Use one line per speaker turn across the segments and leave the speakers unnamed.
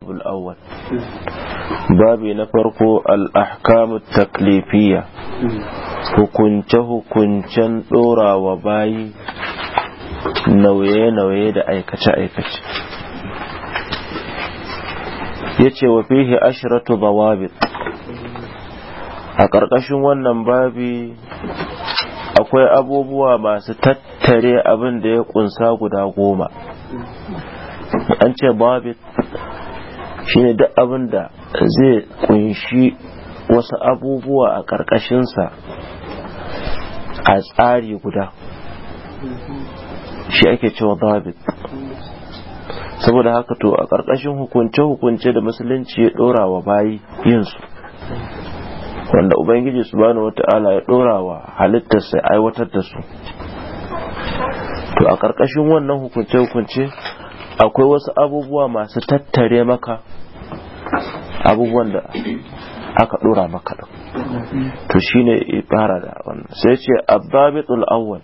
na farko نفرق الأحكام taklifiya hukunce hukuncen ɗorawa wa bayi nauye-nauye da aikace-aikace ya ce wa fihi ashiratu bawabit a ƙarƙashin wannan babi akwai abubuwa masu tattare abin da ya ƙunsa guda goma an ce babit shine duk abin da zai kunshi wasu abubuwa a ƙarƙashinsa a tsari guda shi ake cewa zabit saboda haka to a ƙarƙashin hukunce-hukunce da musulunci ya ɗora wa bayi yinsu wanda ubangiji su bani wata'ala ya ɗora wa halittarsa aiwatar da su to a ƙarƙashin wannan hukunce-hukunce akwai wasu abubuwa masu tattare maka abubuwan da aka dora maka da to shine fara da wannan sai ce abbabitul awwal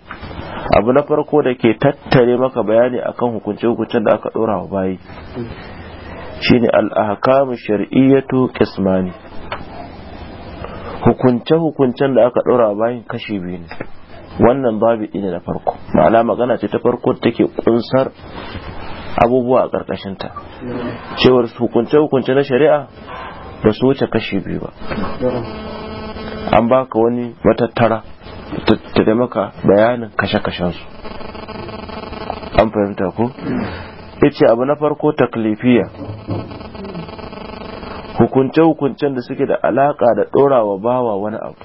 abu na farko da ke tattare maka bayani akan hukunce hukuncin da aka dora wa bayi shine al-ahkamu shar'iyyatu qismani hukunce hukuncen da aka dora bayin kashi biyu ne wannan babu ne na farko ma'ana magana ce ta farko take kunsar abubuwa a ƙarƙashinta cewar hukunce-hukunce na shari'a ba su wuce kashi biyu ba an baka wani matattara ta da maka bayanin kashe-kashensu an fahimta ko ce abu na farko ta taklifiya hukunce-hukuncen da suke da alaƙa da ɗorawa bawa wani abu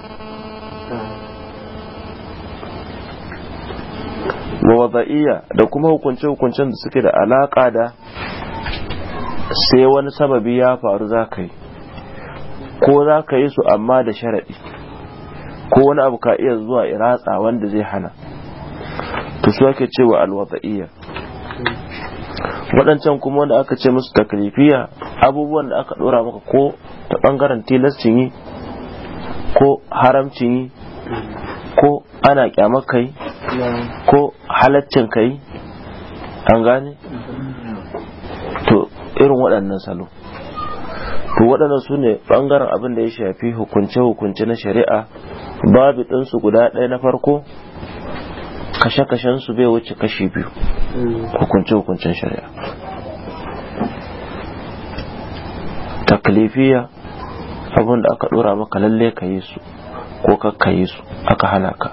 wada'iyya da kuma hukunce-hukuncen da suke da alaƙa da sai wani sababi ya faru za ka yi ko za ka yi su amma da sharaɗi ko wani abu ka iya zuwa iratsa wanda zai hana ta su ake cewa alwada'iyya waɗancan kuma wanda aka ce musu taklifiya abubuwan da aka ɗora maka ko ta ɓangaren tilascin yi ko haramcin yi ko ana kyamakai ko halaccin ka yi an gane to irin waɗannan salo to waɗannan su ne ɓangaren abin da ya shafi hukunce-hukunce na shari'a babu ɗinsu guda ɗaya na farko kashe kashensu bai wuce kashi biyu hukunce-hukuncen shari'a taklifiya abin da aka ɗora maka lalle ka yi su ko kakka yi su aka hana ka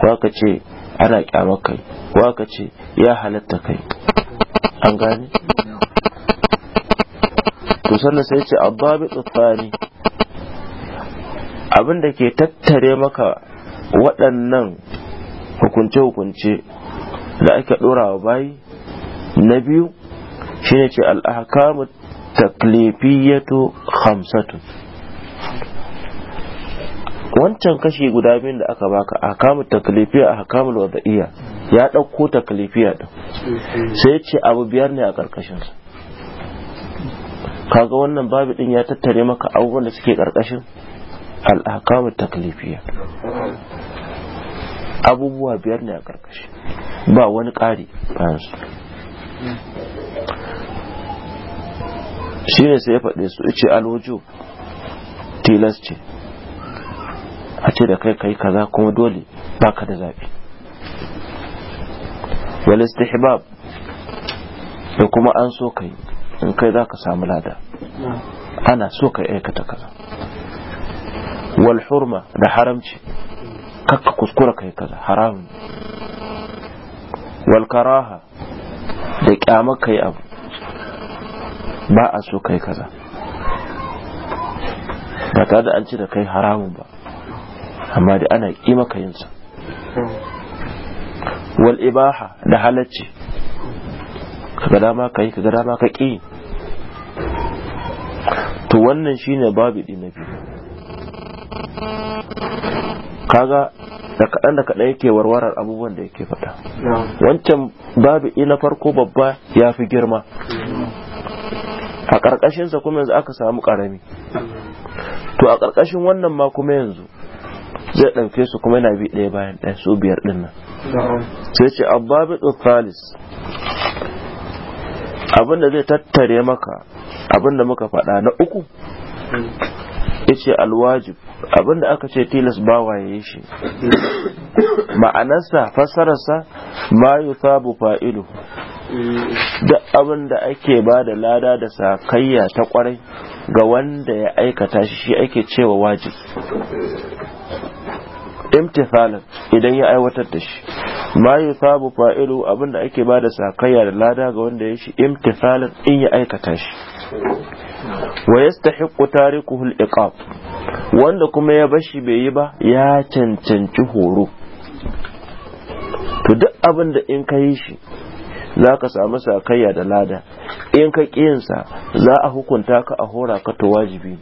ko aka ce ana kyamar kai wa ce ya halatta kai an gane to sannan sai ce abbabi tsufani abinda ke tattare maka waɗannan hukunce-hukunce da ake ɗorawa wa bayi na biyu shine ce al'ahkamu taklifiyatu hamsatu. wancan kashi guda biyun da aka baka a kamun takalifiya a hakamul wada'iya ya ɗauko takalifiya ɗin sai ce abu biyar ne a ƙarƙashinsa kaga wannan babu ɗin ya tattare maka abubuwan da suke ƙarƙashin al'akamun takalifiya abubuwa biyar ne a ƙarƙashi ba wani ƙari bayan su shi ne sai ya faɗe su ce alwajo tilas ce ce da kai kai kaza kuma dole baka da zabi wal istihbab da kuma an so kai in kai za ka samu lada ana so ka aikata kaza wal hurma da haramci kakka kuskura kai kaza haramun wal karaha da kyamar kai abu ba a so kai kaza ba tare da an ci da kai haramun ba amma da ana ƙi maka yin su wal ibaha da halacci kaga dama ka yi kaga dama ka ƙi to wannan shine babu din na biyu kaga da kaɗan da kaɗan yake warwarar abubuwan da yake faɗa wancan babu ina farko babba ya fi girma a ƙarƙashinsa kuma yanzu aka samu ƙarami to a ƙarƙashin wannan ma kuma yanzu zai ɗauke su kuma yana bi ɗaya bayan ɗaya su biyar ɗin nan sai ce abbabi tsalis abinda zai tattare maka abinda muka faɗa na uku ya ce alwajib abinda aka ce tilas bawa ya shi ma'anarsa fassararsa ma yi sabu fa'ilu duk abinda ake ba da lada da sakayya ta kwarai ga wanda ya aikata shi shi ake cewa wajib imtithalan idan ya aiwatar da shi ma Sabu fa'ilu abinda ake bada sakayya da lada ga wanda ya shi imtithalan in ya aikata shi wa yastahiqqu tarikuhu al-iqab wanda kuma ya bashi bai yi ba ya cancanci horo to duk abinda in ka yi shi za ka samu sakayya da lada in ka ƙiyinsa za a hukunta ka a hora ka to wajibi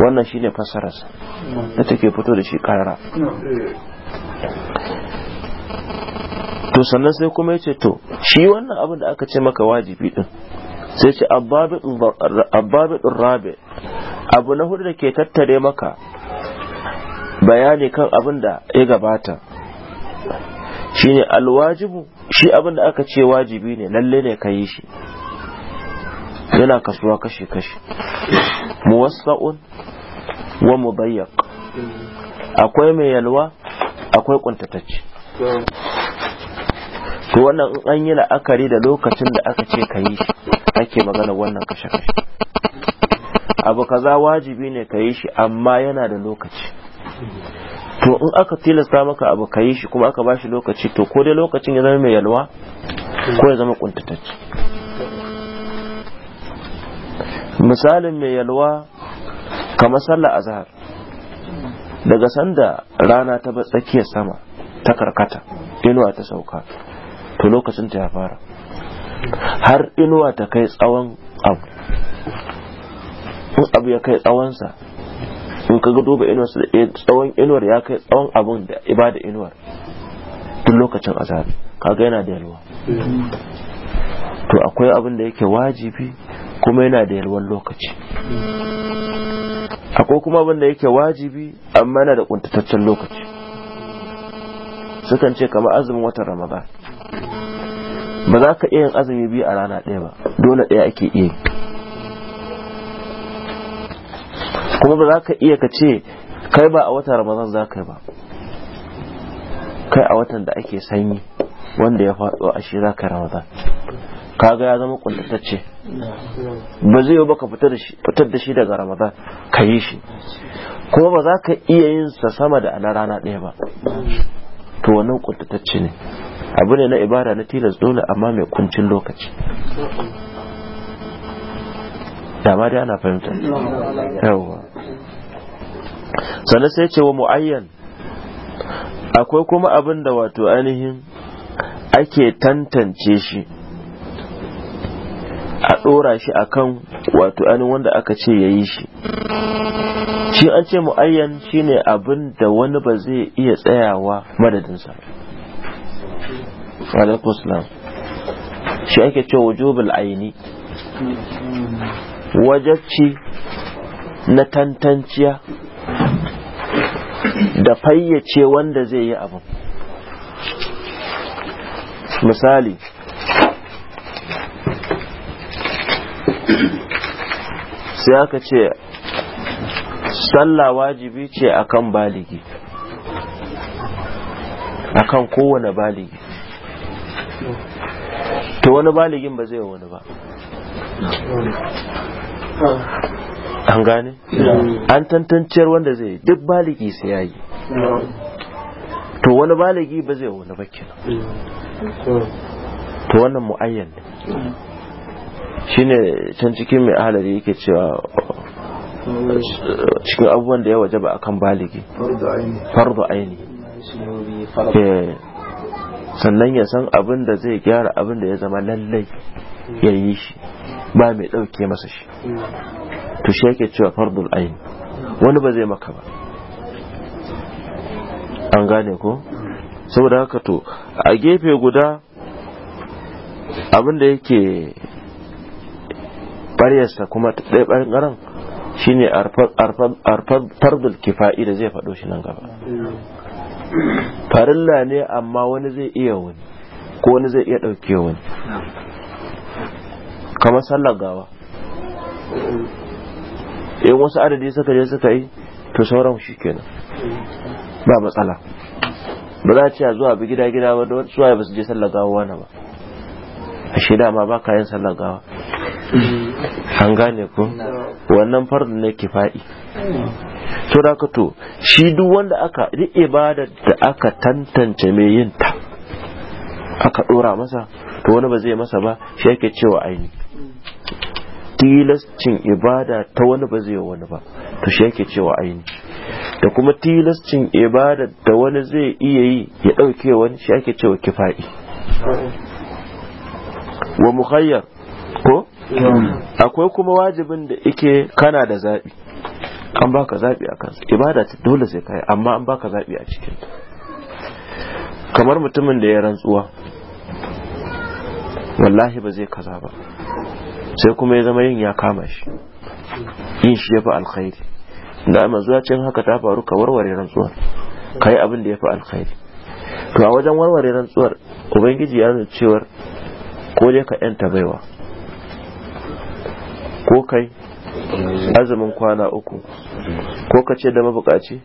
wannan shine fasararsa da take fito da shi karara to sannan sai kuma ya ce to shi wannan abin da aka ce maka wajibi din sai ce abbabidun rabe abu na hudu da ke tattare maka bayani kan abin da ya gabata shine alwajibu shi abin da aka ce wajibi ne lalle ne ka yi shi yana kasuwa kashe-kashe muwassa'un wa mubayyak akwai mai yalwa akwai kuntatacce to wannan in an yi la'akari da lokacin da aka ce ka yi ake magana wannan kashe-kashe abu kaza wajibi ne ka yi shi amma yana da lokaci to in aka tilasta maka abu ka yi shi kuma aka ba shi lokaci to ko dai lokacin ya zama mai yalwa ko ya zama kuntatacce misalin mai yalwa kamar sallar azhar daga sanda rana ta tsakiyar sama ta karkata inuwa ta sauka to lokacin ta ya fara har inuwa ta kai tsawon abu in abu ya kai tsawonsa in ka duba inuwar eh, tsawon inuwar ya kai tsawon abun da ibada inuwar tun lokacin azhar kaga yana da yalwa mm. to akwai abin da yake wajibi kuma yana da yalwan lokaci akwai kuma abin da yake wajibi amma yana da kuntataccen lokaci sukan ce kamar azumin watan ramadan ba za ka iya yin azumi biyu a rana ɗaya ba dole ɗaya ake iya kuma ba za ka iya ka ce kai ba a watan ramadan za ka ba kai a watan da ake sanyi wanda ya faɗo a shi za ka ramadan kaga ya zama kullatacce ba zai yi baka fitar da shi daga ramadan ka yi shi kuma ba za ka iya yin sa sama da ana rana ɗaya ba to wannan kullatacce ne abu ne na ibada na tilas dole amma mai kuncin lokaci dama dai ana fahimta sannan sai ce wa mu'ayyan akwai kuma abin da wato ainihin ake tantance shi a ɗora shi a kan wato ainihin wanda aka ce ya yi shi shi an ce mu'ayyan shi ne abin da wani ba zai iya tsayawa madadinsa shi ake ce wujubul aini wajacci na tantanciya da fayyace wanda zai yi abin misali sai aka ce sallah wajibi ce akan baligi akan kowane baligi to wani baligin ba zai wani ba an gane an tantanciyar wanda zai yi duk baligi sai ya yi to wani baligi ba zai wani ba kenan to wannan mu'ayyan
ne
shine can cikin mai ahalari yake cewa cikin abubuwan da ya waje ba akan baligi fardu aini eh, sannan ya san abin da zai gyara abin da ya zama lallai ya yi shi ba mai ɗauke masa shi to shi yake cewa fardu aini wani ba zai maka ba an gane ko saboda haka to a gefe guda abin da yake Baryarsa kuma ta ɗaya ɓangaren shine arfardul kifa'i da zai faɗo shi nan gaba farilla ne amma wani zai iya wani ko wani zai iya ɗauke wani kamar sallar gawa in wasu adadi suka je suka yi to sauran shi kenan ba matsala ba za a ce zuwa bi gida gida ba da wasu suwaye ba su je sallar gawa wani ba ashe dama ba ka yin sallar gawa an gane ku wannan farin ne ke faɗi to da ka to shi duk wanda aka duk ibadar da aka tantance mai yin ta aka ɗora masa to wani ba zai masa ba shi yake cewa aini tilascin ibada ta wani ba zai wani ba to shi yake cewa aini da kuma tilascin ibada da wani zai iya yi ya ɗauke wani shi yake cewa kifa'i wa mukhayyar ko akwai kuma wajibin da ike kana da zaɓi an baka zaɓi a kansa ibada ta dole sai kai amma an baka zaɓi a cikin kamar mutumin da ya rantsuwa wallahi ba zai kaza ba sai kuma ya zama yin ya kama shi yin shi ya fi alkhairi da amma zuwa cin haka ta faru ka warware rantsuwa ka yi abin da ya fi alkhairi to a wajen warware rantsuwar ubangiji ya nuna cewar ko dai ka yanta baiwa ko kai azumin kwana uku ko ka ce da mabukaci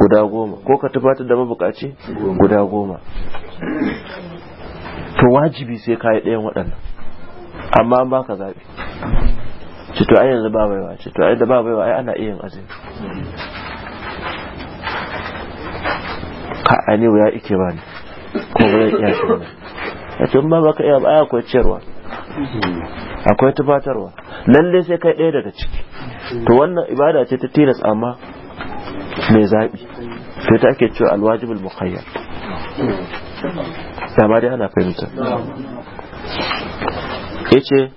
guda goma ko ka tufatar da mabukaci guda goma to wajibi sai ka yi ɗayan waɗannan amma ba ka zaɓi cito to ai yanzu ba baiwa cito to ai da ba baiwa ai ana iya yin azumi ka a ne ike ba ne ko wuya ya iya shi ba a tun ba baka iya ba akwai ciyarwa akwai tufatarwa lalle sai kai ɗaya daga ciki to wannan ibada ce ta tilas amma mai zaɓi to ta ake cewa alwajibul muqayyad dama dai ana fahimta yace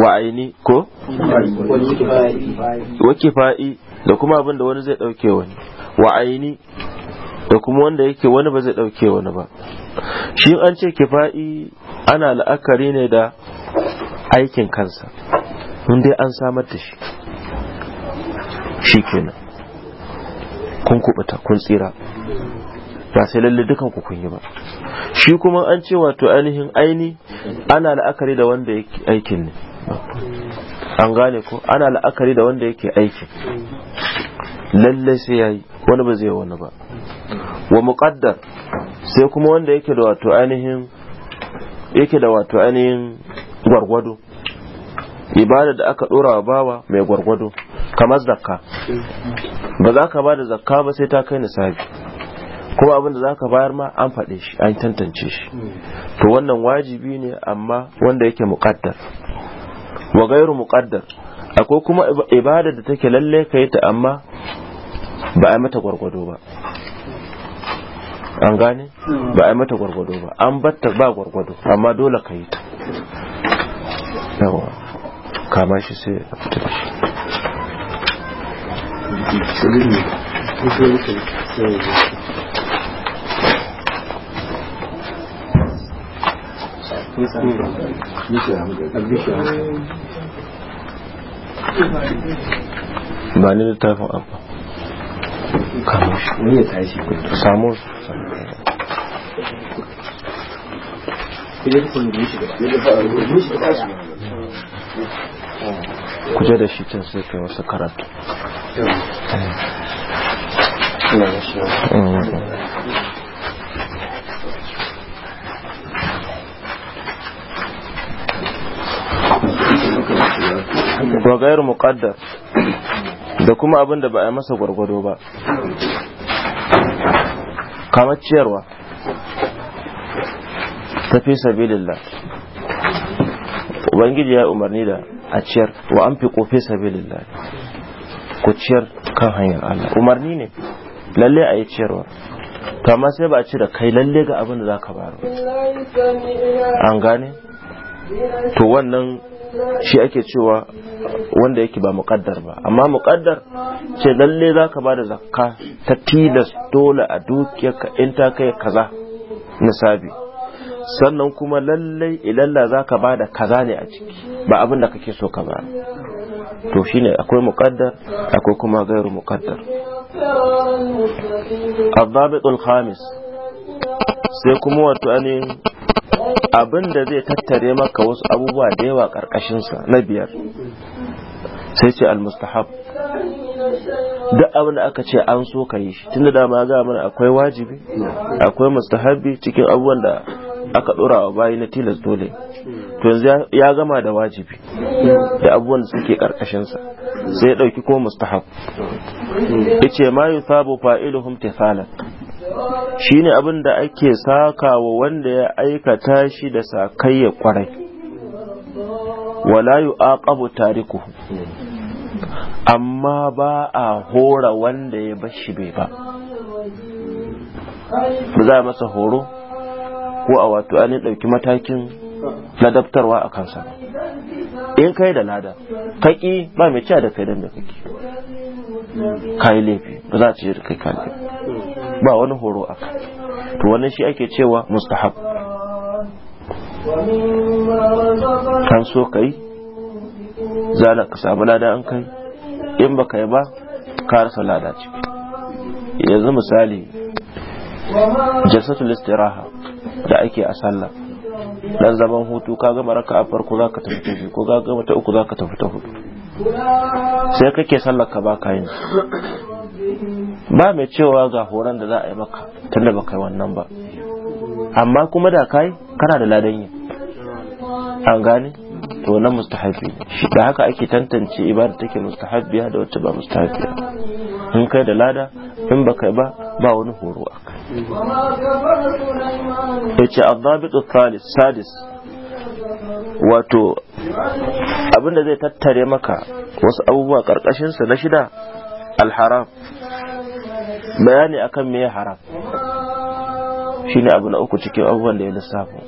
wa aini ko wa kifa'i da kuma abin da wani zai ɗauke wani wa aini da kuma wanda yake wani ba zai ɗauke wani ba shi an ce kifa'i ana la'akari ne da aikin kansa inda an samar da shi shi kenan kun kubuta kun tsira ba sai lalle dukan ku kun yi ba shi kuma an ce wato ainihin aini ana la'akari da wanda yake aikin ne an gane ko ana la'akari da wanda yake aikin lalle sai yayi wani ba zai wani ba wa muƙaddar sai kuma wanda yake da wato ainihin yake da wato ainihin gwargwado ibada da aka ɗora wa bawa mai gwargwado kamar zakka ba za ka ba da zakka ba sai ta kai nisabi kuma abin da za ka bayar ma an faɗe shi an tantance shi to wannan wajibi ne amma wanda yake muƙaddar wa gairu muƙaddar akwai kuma ibada da take lalle ka yi ta amma ba a mata gwargwado ba an gane ba a mata gwargwado ba an batta ba gwargwado amma dole ka yi ta yawa kama shi sai a fita da shi ba da littafin abba kamo shi wani ya مقدر da kuma abin da ba a masa gwargwado ba kamar ciyarwa ta fi sabilillah ubangiji ya umarni da a ciyar wa an fi kofi sabilillah ku ciyar kan hanyar Allah umarni ne lalle a yi ciyarwa kama sai ba a ci da kai lalle ga abin da za ka baro an gane to wannan shi ake cewa wanda yake ba muƙaddar ba amma muƙaddar ce lalle za ka ba da zakka ta tilas dole a dukiyarka in ta kai kaza nisabi sannan kuma lalle ilalla za ka ba da kaza ne a ciki ba abin da kake so ka ba to shi ne akwai muƙaddar akwai kuma gairu muƙaddar sai kuma wato ainihin abin da zai tattare maka wasu abubuwa da yawa ƙarƙashinsa na biyar sai ce almustahab duk abin da aka ce an so ka yi shi tunda dama ga mana akwai wajibi akwai mustahabi cikin abubuwan da aka ɗora wa bayi na tilas dole to yanzu ya gama da wajibi da abubuwan da suke ƙarƙashinsa sai ya ɗauki ko mustahab ya ce ma yi sabo fa'iluhum tisalan Shi ne abin da ake saka wa wanda ya aikata shi da sakayya kwarai wala yu'aqabu tariku amma ba a hora wanda ya bashi bai ba ba za a masa horo ko a wato an ɗauki matakin ladabtarwa a kansa in kai da lada kaki ba mai cewa da kai da kaki kai laifi ba za a ce da kai laifi. ba wani horo aka to wannan shi ake cewa mustahab kan so kai, za zana ka samu lada an kai in ba kai ba ka rasa lada ce yanzu misali jasatul istiraha da ake a sallah dan zaman hutu ka gama raka a farko za ka tafi ta ko ka gama ta uku za ka tafi ta hudu sai kake sallar ka ba ka yin ba mai cewa ga horon da za a yi maka tunda ba kai wannan ba amma kuma da kai kana da ladan yi an gane to wannan mustahabi shi da haka ake tantance ibada take mustahabiya da wacce ba mustahabiya in kai da lada in ba kai ba ba wani horo a kai ya ce adabitu sadis wato abinda zai tattare maka wasu abubuwa sa na shida alharam bayani akan me ya haram shine abu na uku cikin abubuwan da ya lissafo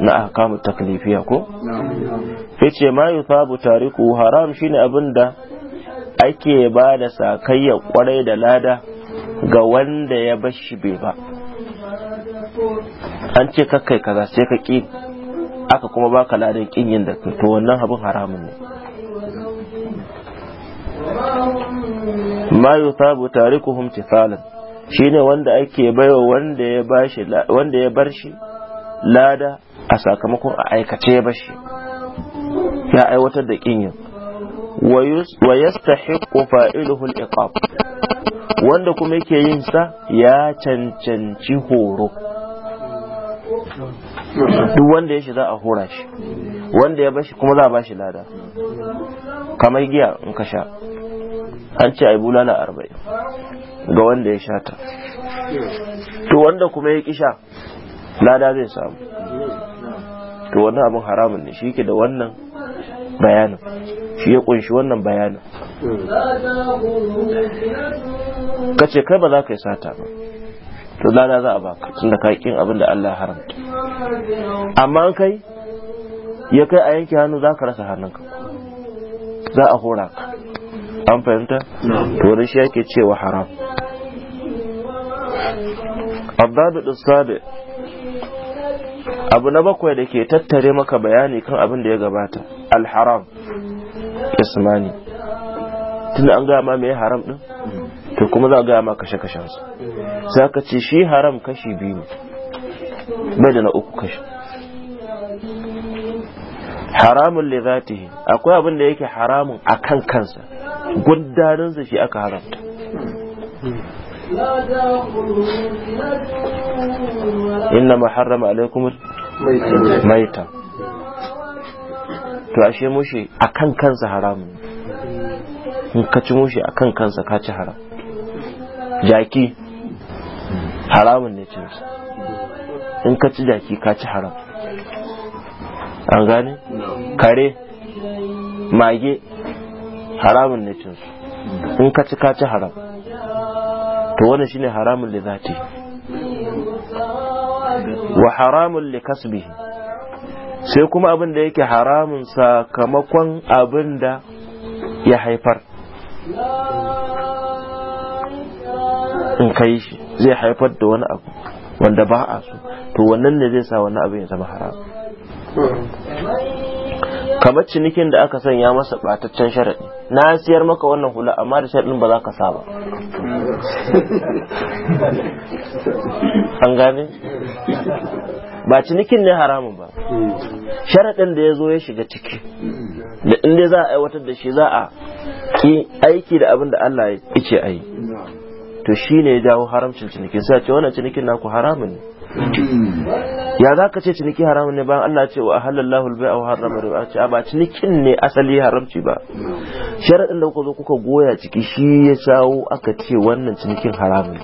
na ahkamu taklifiya ko yace ma yusabu tariku haram shine abin da ake ba da sakayya kwarai da lada ga wanda ya bar shi bai ba an ce kakkai kaza sai ka ki aka kuma baka ladan kin yin da to wannan abin haramun ne ma yuthabu tarikuhum tisalan shine wanda ake baiwa wanda ya bashi wanda ya bar shi lada a sakamakon a aikace ya bashi ya aiwatar da kinyin wa yastahiqqu fa'iluhu al-iqab wanda kuma yake yin sa ya cancanci horo duk wanda ya shi za a hora shi wanda ya bashi kuma za a bashi lada kamar giya in ka sha an ce ai bulala arba'in ga wanda ya shata to wanda kuma ya kisha lada zai samu to wannan abin haramun ne shi ke da wannan bayanin shi ya kunshi wannan bayanin ka ce kai ba za ka yi sata ba to lada za a baka tunda ka kin abin da Allah
haramta
amma kai ya kai a yanke hannu za ka rasa hannunka za a hora ka an fahimta to da shi yake cewa haram abdadu dusabe abu na bakwai da ke tattare maka bayani kan abin da ya gabata alharam ismani tun an gama mai haram din to kuma za a gama kashe-kashensu za ka ce shi haram kashi biyu ne bai da na uku kashi haramun li zatihi akwai abin da yake haramun akan kansa gundarinsa shi aka haramta inna ma harrama alaikum maita to ashe mushi akan kansa haramun in ka ci mushi akan kansa ka ci haram jaki haramun ne cinsa in ka ci jaki ka ci haram an gane kare mage haramun ne cin su in ka ci ka ci haram to wannan shine haramun li zati wa haramun li kasbi sai kuma abin da yake haramun sakamakon abin da ya haifar in kai shi zai haifar da wani abu wanda ba a so to wannan ne zai sa wani abin ya zama haram kamar cinikin da aka sanya masa bataccen sharaɗi na siyar maka wannan hula amma da sharaɗin ba za ka saba an gane ba cinikin ne haramun ba sharaɗin da ya zo ya shiga ciki da inda za a aiwatar da shi za a ki aiki da abin da Allah ya ce a yi to shi ne ya jawo haramcin cinikin sai ce wannan cinikin naku haramun ne ya za ka ce ciniki haramun ne bayan Allah ce wa ahallallahu albai wa harrama riba ce ba cinikin ne asali haramci ba sharaɗin da kuka zo kuka goya ciki shi ya shawo aka ce wannan cinikin haramun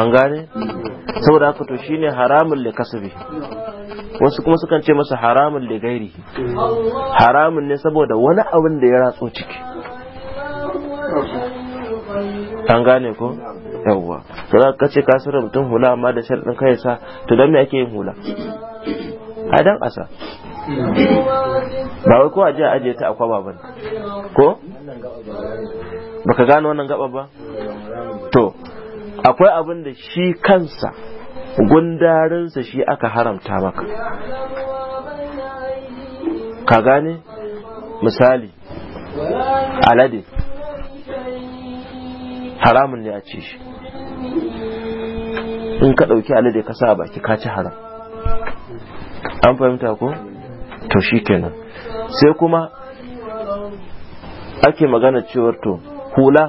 an gane saboda haka to shi ne haramun le kasabi wasu kuma sukan ce masa haramun le gairi haramun ne saboda wani abin da ya ratso ciki an gane ko yawwa to za ka ce ka sura mutum hula amma da sharɗin kai sa to don me ake yin hula a dan asa ba wai ko a je a ajiye ta akwaba ba ko baka gane wannan gaba ba to akwai abin da shi kansa gundarinsa shi aka haramta maka ka gane misali alade haramun ne a ce shi in ka ɗauki alade ka sa baki ka ci haram an fahimta ko to shikenan sai kuma ake magana cewar to hula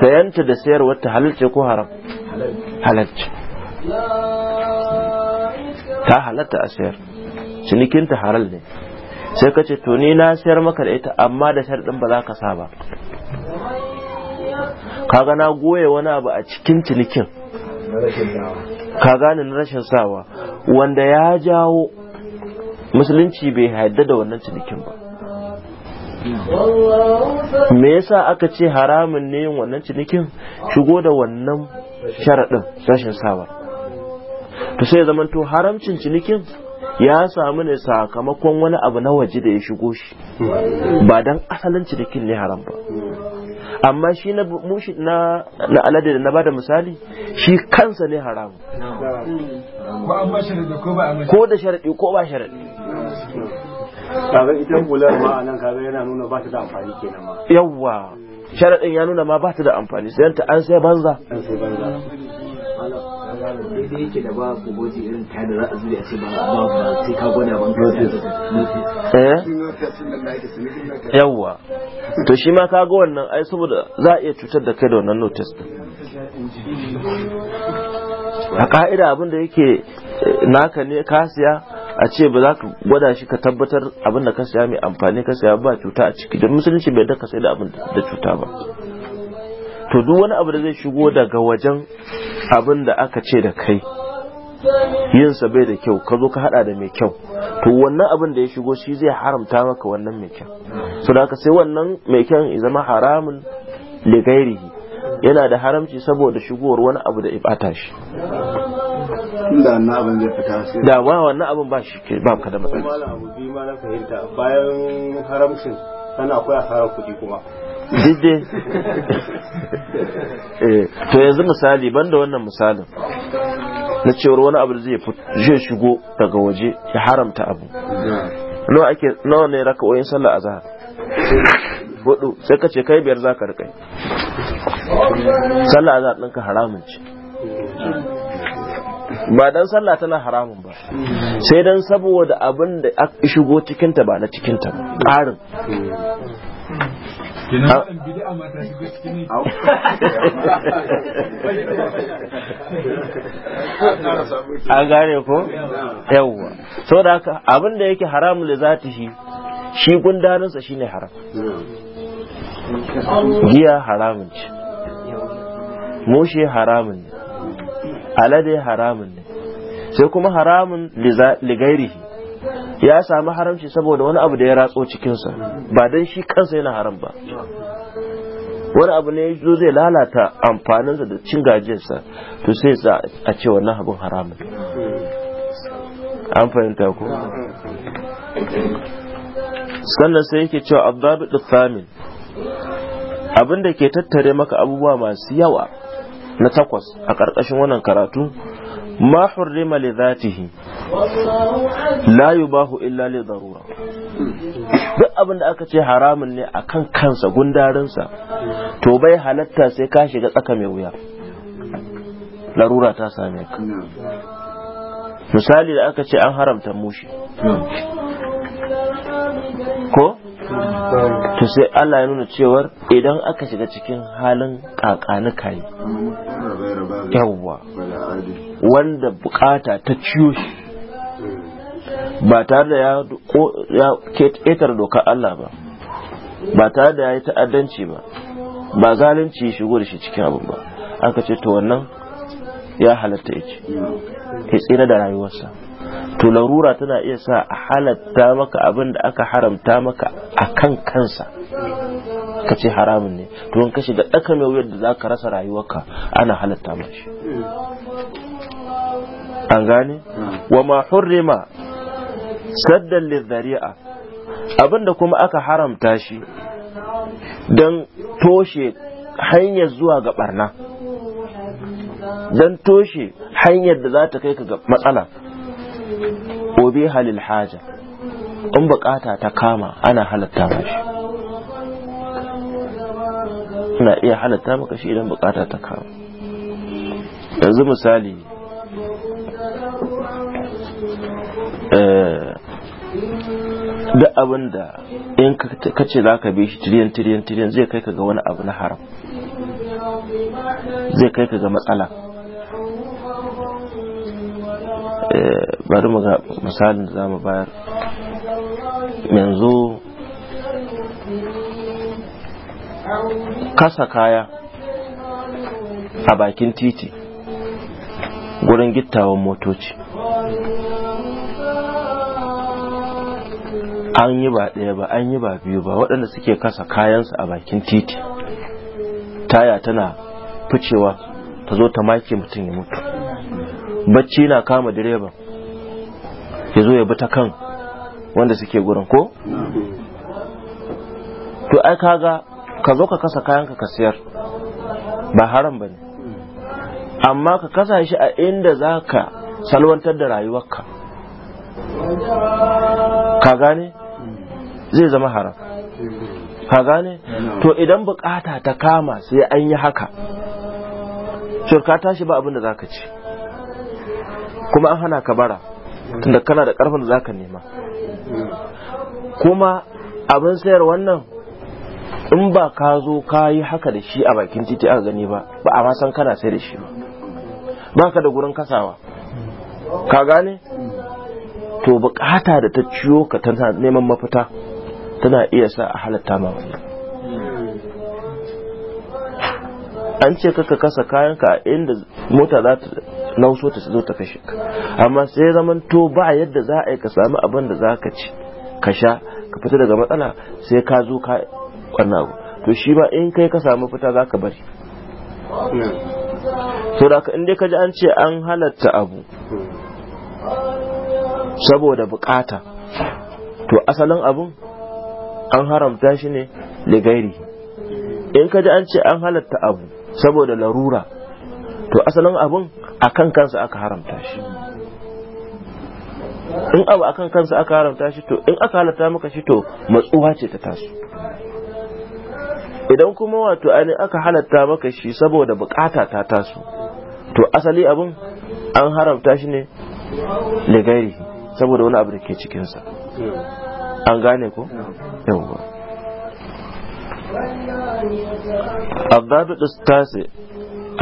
sayanta da wata halal ce ko haram halalce ta halatta a sayar cinikinta haral ne sai ka ce to ni na sayar maka da ita amma da sharɗin ba za ka sa ba kaga na goye wani abu a cikin cinikin ka gane na rashin sawa wanda ya jawo musulunci bai haidda da wannan cinikin ba me yasa aka ce haramun ne yin wannan cinikin shigo da wannan sharaɗin rashin sawa Ta sai zamanto haramcin cinikin ya samu ne sakamakon wani abu na waje da ya shigo shi ba don asalin cinikin ne haram ba amma shi na na alade da na bada misali shi kansa ne haramu ko da sharaɗi ko ba sharaɗi kaga ita hular ma nan kaga yana nuna ba ta da amfani kenan ma yawwa sharaɗin ya nuna ma ba ta da amfani sayan ta an sai banza an sai banza daidai yake da ba ku goji irin kayan da za a zuri a ce ba ba sai ka gwada ban eh? ka yawwa to shi ma ka ga wannan ai saboda za a iya cutar da kai da wannan notice din a ka'ida abin da yake eh, naka ne ka siya a ce ba za ka gwada shi ka tabbatar abin da ka siya mai amfani ka siya ba cuta a ciki don musulunci bai da ka sai da abin da cuta ba to duk wani abu da zai shigo daga wajen abin da aka ce da kai yinsa bai da kyau ka zo ka hada da mai kyau to wannan abin da ya shigo shi zai haramta maka wannan mai kyau so da sai wannan mai kyau ya zama haramun ligairihi yana da haramci saboda shigowar wani abu da ibata shi da wannan abin zai fita sai da ba wannan abin ba shi ba ka da matsala malam abu ma na fahimta bayan haramcin sana akwai asarar kuɗi kuma didde eh, to yanzu misali banda wannan misalin na cewar wani abu zai zai shigo daga waje ya haramta abu nawa ake no ne raka oyin sallah azhar hudu sai ka ce kai biyar zaka rika sallah azhar ɗinka haramun ce ba dan sallah tana haramun ba sai dan saboda abin da shigo cikinta ba na cikin ba ƙarin
A ah. wannan bid'a ma ta shiga cikin
an gane ko yawwa saboda haka abin da yake haramu za ta shi gundarinsa shi shine haram giya haramun ce mushe haramun ne alade haramun ne sai kuma haramun li ya samu haramci saboda wani abu da ya ratso cikinsa ba don shi kansa yana haram ba wani abu ne zo zai lalata amfaninsa da cin gajiyarsa to sai a ce wannan abin haramun an fahimta ko sannan sai yake cewa abdabi tsamin abin da ke tattare maka abubuwa masu yawa na takwas a ƙarƙashin wannan karatu ma hurrima li zatihi la yubahu illa li darura duk abin da aka ce haramun ne akan kansa gundarinsa to bai halatta sai ka shiga tsaka mai wuya larura ta same ka misali da aka ce an haramta mushi ko to sai Allah ya nuna cewar idan aka shiga cikin halin kakani kai yawwa wanda bukata ta ciyo shi ba tare da ya ketar dokar Allah ba ba tare da ya yi ta'addanci ba ba zalunci ya shigo da shi cikin abu ba aka ce to wannan ya halatta ya ce ya tsira da rayuwarsa to larura tana iya sa a halatta maka abin da aka haramta maka a kan kansa ka ce haramun ne to in ka shiga ɗaka mai wuyar da za ka rasa rayuwarka ana halatta mashi an gane hmm. wa ma hurrima saddan lizzari'a abinda kuma aka haramta shi don toshe hanyar zuwa ga barna don toshe hanyar da za ta kai ka ga matsala obe halil haja in bukata ta kama ana halatta shi. na iya halatta maka shi idan bukata ta kama yanzu misali eh,
duk abin da in
ka ce za ka bi shi tiriyan tiriyan tiriyan zai kai ka ga wani abu na haram zai kai ka ga matsala eh, bari mu ga misalin da za mu bayar
yanzu kasa
kaya a bakin titi gurin gittawan motoci an yi ba ɗaya ba an yi ba biyu ba waɗanda suke kasa kayansu a bakin titi taya tana ficewa ta zo ta make mutum ya mutu bacci na kama direban ya zo ya bi ta kan wanda suke gurin ko to ai kaga ka zo ka kasa kayanka ka siyar ba haram ba ne amma ka kasa shi a inda za ka salwantar da rayuwarka ka gane zai zama haram ka gane to idan bukata ta kama sai an yi haka shirka tashi ba abin da ka ci kuma an hana ka bara tunda kana da karfin da za ka nema kuma abin sayar wannan in ba ka zo ka yi haka da shi a bakin titi aka gani ba ba a san kana sai da shi ba ba ka da gurin kasawa ka gane to bukata da ta ciyo ka ta neman mafita tana iya sa a halatta ma wani an ce kaka kasa kayanka a inda mota za ta nauso ta zo ta kashe ka amma sai zaman to ba yadda za a yi ka sami abin da za ka ci ka sha ka fita daga matsala sai ka zo ka kwanna to shi ba in kai ka samu fita za ka bari so da in dai ka ji an ce an halatta abu saboda bukata to asalin abun an haramta shi ne gairi in ka ji an ce an halatta abu saboda larura to asalin abun a kan kansa aka haramta shi in abu a kan kansa aka haramta shi to in aka halatta maka shi to matsuwa ce ta taso idan kuma wato ani aka halatta maka shi saboda bukata ta taso to asali abun an haramta shi
ne
gairi saboda wani abu da ke cikinsa an gane ko yawwa abdabidus tasi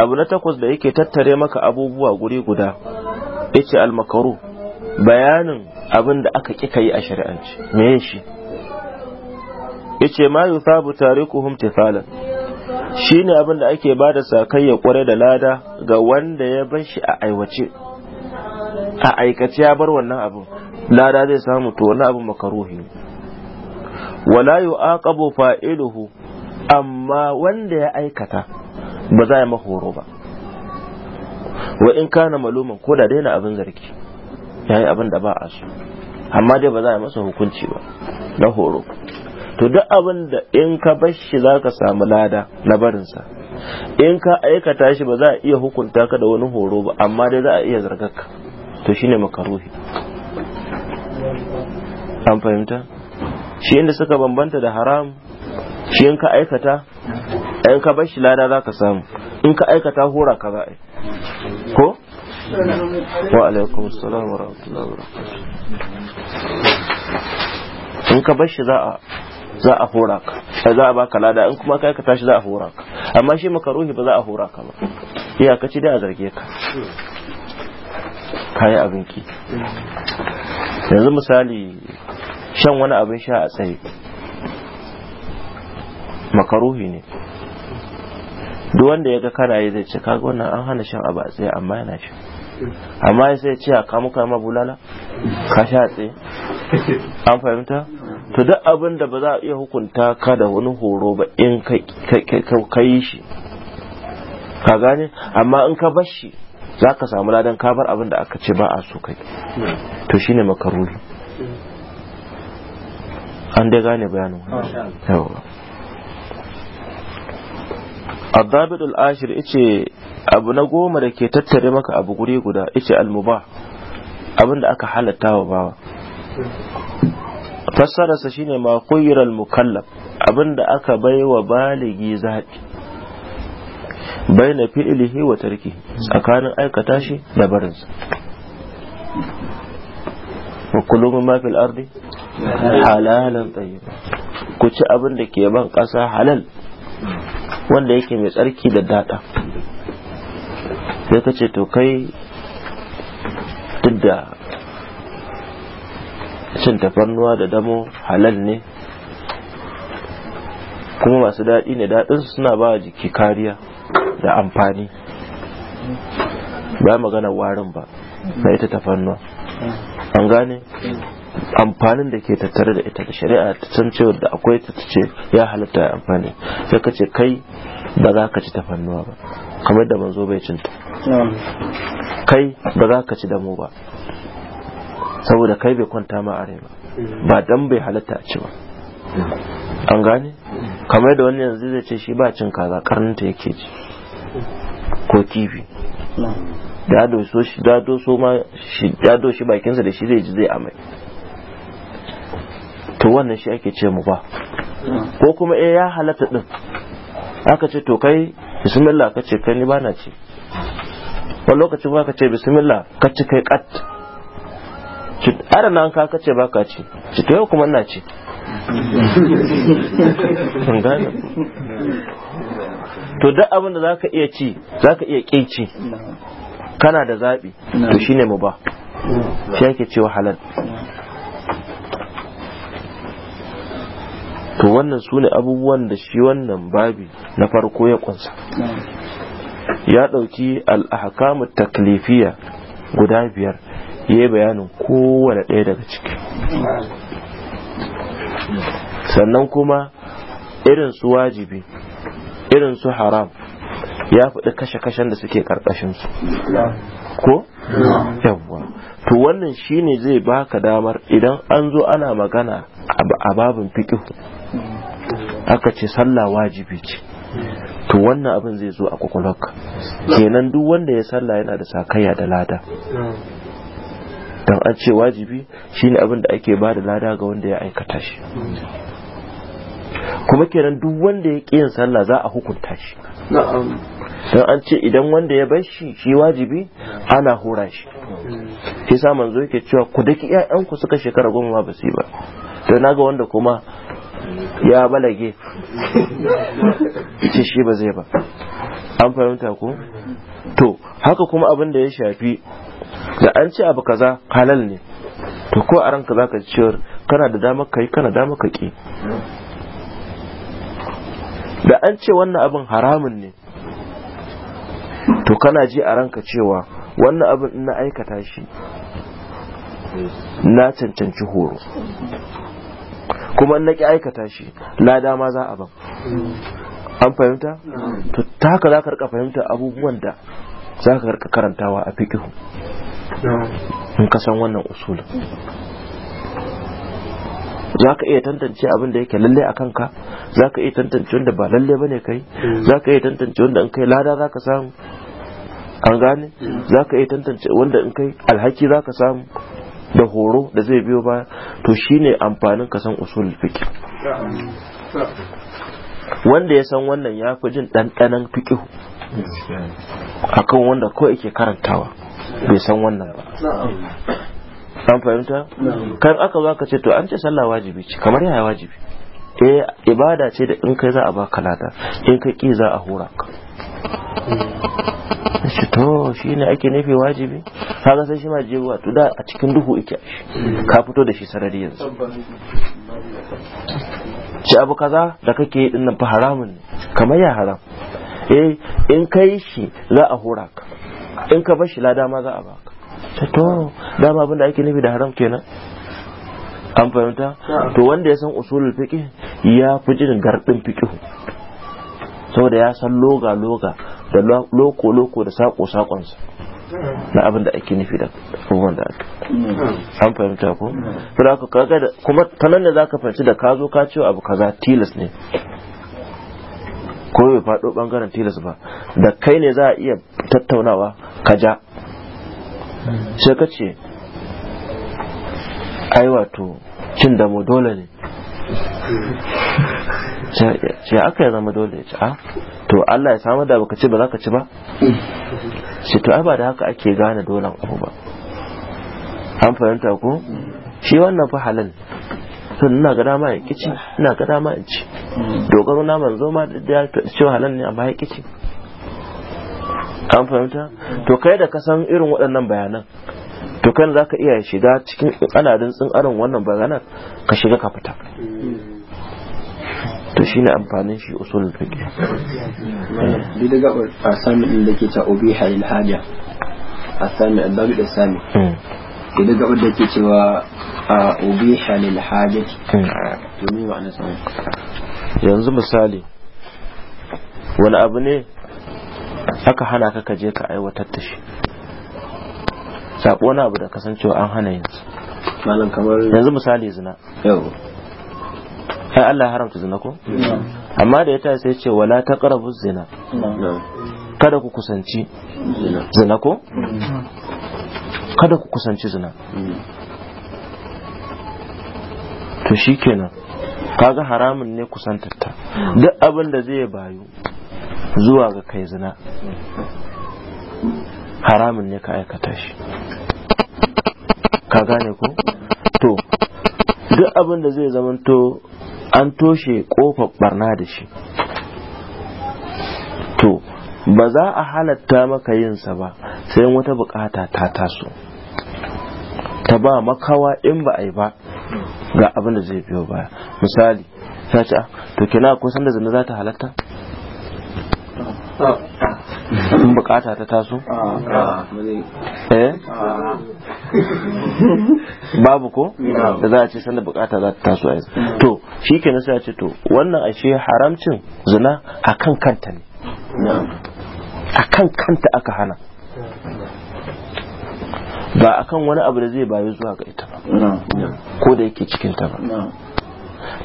abu na takwas da yake tattare maka abubuwa guri guda yace almakaru bayanin abin da aka ƙi yi a shari'anci me shi yace ma yusabu tarikuhum tifalan shine abin da ake bada sakayya kware da lada ga wanda ya bar shi a aiwace a aikace ya bar wannan abin lada zai samu to wani abu makaruhi wala yu'aqabu fa'iluhu amma wanda ya aikata ba za ya mahoro ba wa in kana maluman ko da daina abin zargi yayi abin da ba a so amma dai ba za a masa hukunci ba na horo to duk abin da in ka bar shi za ka samu lada na barinsa in ka aikata shi ba za a iya hukunta ka da wani horo ba amma dai za a iya zargarka ka to shine makaruhi an fahimta shi inda suka bambanta da haram shi in ka aikata in ka bar shi lada za ka samu in ka aikata hura ka za ko wa alaikum salam wa rahmatullahi wa barakatuh in ka bar shi za a za a hura ka za a baka lada in kuma ka aikata shi za a hura ka amma shi makaruhi ba za a hura ka ba iyakaci dai a zarge ka kayi abinki yanzu misali shan wani abin sha a tsaye makaruhi ne duk wanda ya ga kana yi zai ce kaga wannan an hana shan abu a tsaye amma yana shi amma ya sai ce a kamu kama bulala ka sha a tsaye an fahimta to duk abin da ba za a iya hukunta ka da wani horo ba in ka yi shi ka gane amma in ka bar shi za ka samu ladan kabar abin da aka ce ba a so kai to shine makaruhi. an dai gane bayanin yawa al ashir ice abu na goma da ke tattare maka abu guri guda ice al-muba abinda aka halatta wa bawa fassararsa shine ma al mukallaf abinda aka bai wa baligi zaɓi bai na fi'ilihi wa tarki tsakanin aikata shi da barinsa wa kullum ma fil ardi halalan tayyiba ku ci abin da ke ban ƙasa halal wanda yake mai tsarki da daɗa sai ka ce to kai duk da cin tafarnuwa da damo halal ne kuma masu daɗi ne daɗinsu suna ba jiki kariya da amfani ba magana warin ba sai ita tafarnuwa an gane amfanin da ke tattare da ita da shari'a ta san cewa da akwai ta ce ya halatta ya amfani sai ka ce kai ba za ka ci tafannuwa ba kamar da manzo bai cinta kai ba za ka ci damu ba saboda kai bai kwanta ma are ba ba dan bai halatta a ci ba an gane kamar da wani yanzu zai ce shi ba cin kaza karninta yake ji. ko kifi da doso shi bakinsa da shi zai ji zai amai to wannan shi ake ce mu ba ko kuma eh ya halatta din aka ce to kai bismillah ka ce kai ni bana ce wani lokacin ba ka ce bismillah ka ci kai kat adana an ka ce ba ka ci ci to yau kuma na ce to duk abin da zaka iya ci zaka iya ƙin ci kana da zaɓi to shine mu ba shi ake cewa halal to wannan su ne abubuwan da shi wannan babi na farko ya kunsa ya ɗauki al'ahakamu taklifiya guda biyar ya yi bayanin kowane ɗaya daga ciki sannan kuma irin su wajibi irin su haram ya faɗi kashe-kashen da suke ƙarƙashinsu ko? yawwa to wannan shine zai baka damar idan an zo ana magana a babin fiƙihu aka ce sallah wajibi ce to wannan abin zai zo a kwakwalwarka kenan duk wanda ya sallah yana da sakayya da lada don an ce wajibi shine abin da ake ba da lada ga wanda ya aikata shi kuma kenan duk wanda ya ƙi yin sallah za a hukunta shi don an ce idan wanda ya bar shi shi wajibi ana hora shi sai sa manzo yake cewa ku daki 'ya'yanku suka shekara goma ba su yi ba to na ga wanda kuma ya balage ce shi ba zai ba an fahimta ko to haka kuma abin da ya shafi da an ce abu kaza halal ne to ko a ranka zaka ci cewar kana da damar kai kana da damar ka ki da an ce wannan abin haramun ne to kana ji a ranka cewa wannan abin na aikata shi na cancanci horo kuma na ki aikata shi lada ma za a ban an fahimta to ta haka za ka rika fahimta abubuwan da za ka rika karantawa a fikihu in ka san wannan usulin za ka iya tantance abin da yake lalle a kanka za ka iya tantance wanda ba lalle ba ne kai za ka iya tantance wanda in kai lada za ka samu an gane za ka iya tantance wanda in kai alhaki za ka samu da horo da zai biyo ba to shine amfanin ka san usul fiqh wanda ya san wannan ya fi jin ɗanɗanan fiqh akan wanda ko yake karantawa bai san wannan ba an fahimta kan aka zo ka ce to an ce sallah wajibi ce kamar yaya wajibi eh ibada ce da in kai za a baka lada in kai ki za a hora ka shi to shine ake nufi wajibi kaga sai shi ma je to da a cikin duhu yake ka fito da shi sarari yanzu ci abu kaza da kake yi dinnan fa haramun ne kamar ya haram eh in ka yi shi za a hora ka in ka bar shi lada ma za a baka to dama abin da ake nufi da haram kenan an fahimta to wanda ya san usulul fiqh ya fi jin garɗin fiqh saboda ya san loga loga da loko loko da sako sakonsa na abin da ake nufi da abubuwan da aka an fahimta ko kuma ka kaga da kuma ta nan ne zaka fahimci da ka zo ka ce abu kaza tilas ne ko bai faɗo bangaren tilas ba da kai ne za a iya tattaunawa ka ja sai ka ce ai wato cin damo dole ne ce aka ya zama dole ya ci a ah, to Allah ya samu da baka ci ba za ka ci ba sai to ba da haka ake gane dole abu ba an fahimta ko shi wannan fa halal to nuna ga dama ya kici ina ga dama in ci dogaro na zo ma da ya ci halal ne amma ya kici an fahimta to kai da ka san irin waɗannan bayanan to kan za ka iya shiga cikin tsanadin tsin aron wannan bayanan ka shiga ka fita shi shine amfanin shi usulul fiqh bi daga asami din ke ta ubiha lil haja asami babu da sami bi daga wanda ke cewa ubiha lil hajati hmm. hmm. to me ma'ana sami yanzu misali wani abu ne aka hana ka kaje ka aiwatar da shi sabo wani abu da kasancewa an hana yanzu malam kamar yanzu misali zina yau ai Allah haramta zina ko amma da ya ta sai ce wala taqrabu zina kada ku kusanci zina ko kada ku kusanci zina mm. to shikenan kaga haramun ne kusantarta duk abin da zai bayu zuwa ga kai zina haramun ne ka aikata shi ka gane ko mm. to duk abin da zai zamanto an toshe kofar barna da shi to ba za a halatta maka yinsa ba sai wata bukata ta taso ta ba makawa in ba a yi ba ga abin da zai biyo baya misali ta ce ah, to kina kusan da zina za ta halatta
sun
bukata ta taso ah. Eh? Ah. babu ko da za a ce sanda bukata za ta taso a yanzu to shi ke sai a ce to wannan ashe haramcin zina a kan kanta ne a kan kanta aka hana ba a kan wani abu da zai bayo zuwa ga ita ba ko da yake cikinta ba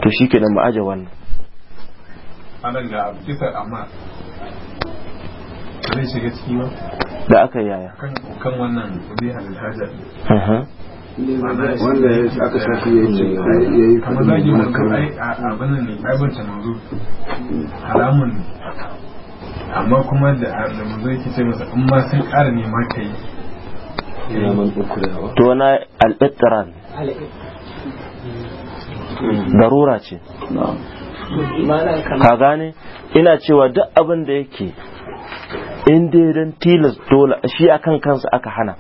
to shi ke nan ma'aje wannan anan ga abu amma zai shiga ciki ba da aka yaya kan wannan zai halin hajar
wanda ya aka shafi ya ce ya yi kamar zagi wani kamar abin ne aibanta mazu haramun ne amma kuma da mazu yake ce masa in ma sun kara ne ma ka yi
eh. to na al'ittiran darura ce ka gane ina cewa duk abin da yake in dai don tilas dole shi a kan kansa aka hana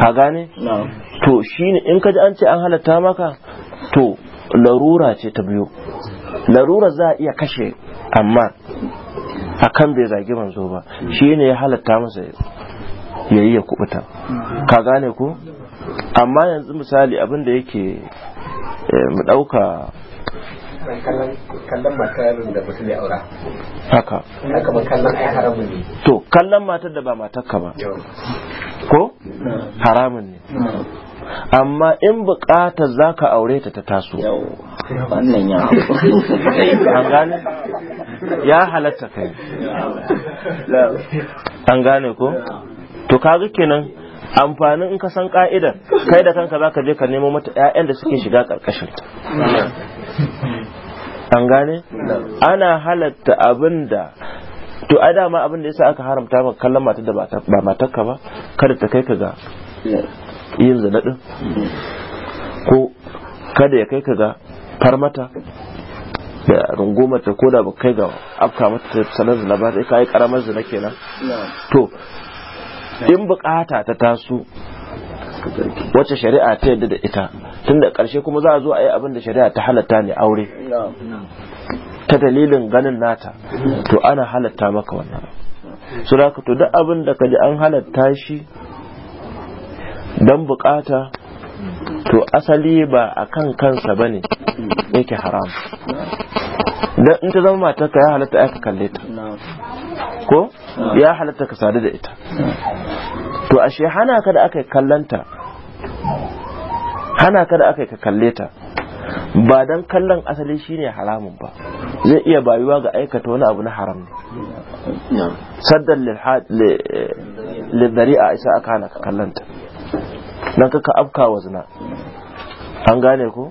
ka gane to shi ne in ka ji an ce an halatta maka to larura ce ta biyu larura za a iya kashe amma akan bai zagi manzo ba shi ne ya halatta masa ya yi ya kubuta ka gane ko amma yanzu misali abin da yake eh, mu ɗauka kallon matar da mutum ya aura haka ina kamar kallon ai haramun ne to kallon matar da ba matarka ba ko haramun ne amma in bukatar za ka aure ta ta taso wannan ya an gane ya halatta kai an gane ko to kaga kenan amfanin in ka san ka'idar kai da kanka za ka je ka nemo mata 'ya'yan da suke shiga ƙarƙashin an gane ana halatta abin da to a dama abin da yasa aka haramta maka kallon matar da ba matarka ba kada ta kai ka ga yin zina din ko kada ya kai ka ga farmata da rungumar ta da ba kai ga afka mata sanar zina ba sai ka yi karamar zina kenan to in bukata ta taso wacce shari'a ta yadda da ita tun da ƙarshe kuma za a zo a yi abin da shari'a ta halatta ne aure ta dalilin ganin nata to ana halatta maka wannan su da to duk abin da ji an halatta shi don bukata to asali ba a kan kansa ba ne yake haram don in ta zama ka ya halatta aka kalle ta ko ya halatta ka sadu da ita to ashe hana ka da aka kallanta hana kada da aka ka kalle ta ba dan kallon asali shine haramun ba zai iya bayuwa ga aikata wani abu na haram ne saddan a isa aka hana ka ta don kaka afka wa zina an gane ku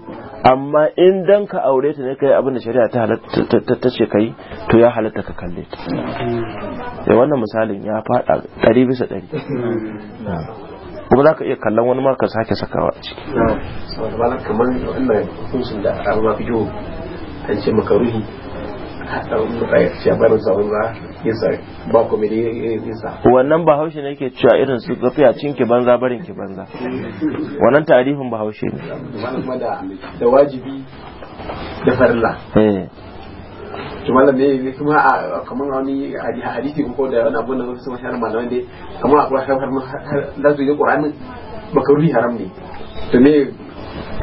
amma in dan ka aure ta ne yi abin da shari'a ta halatta ta ce kai to ya halatta ka kalle ta eh, wannan misalin ya faɗa ɗari bisa ɗari. kuma za ka iya kallon wani ma ka sake sakawa a ciki kamar wannan hukuncin da abu ma fijo an ce da a ya makaruhi wannan bahaushe ne ke cewa irin su gafiya cin ki banza barin ki banza wannan tarihin bahaushe ne da wajibi da farilla eh. to malam ne kuma a kamar wani hadisi ko da wani abu da zai sama shahar malamai dai kamar akwai har har da su yi qur'anin makaruri haram ne to me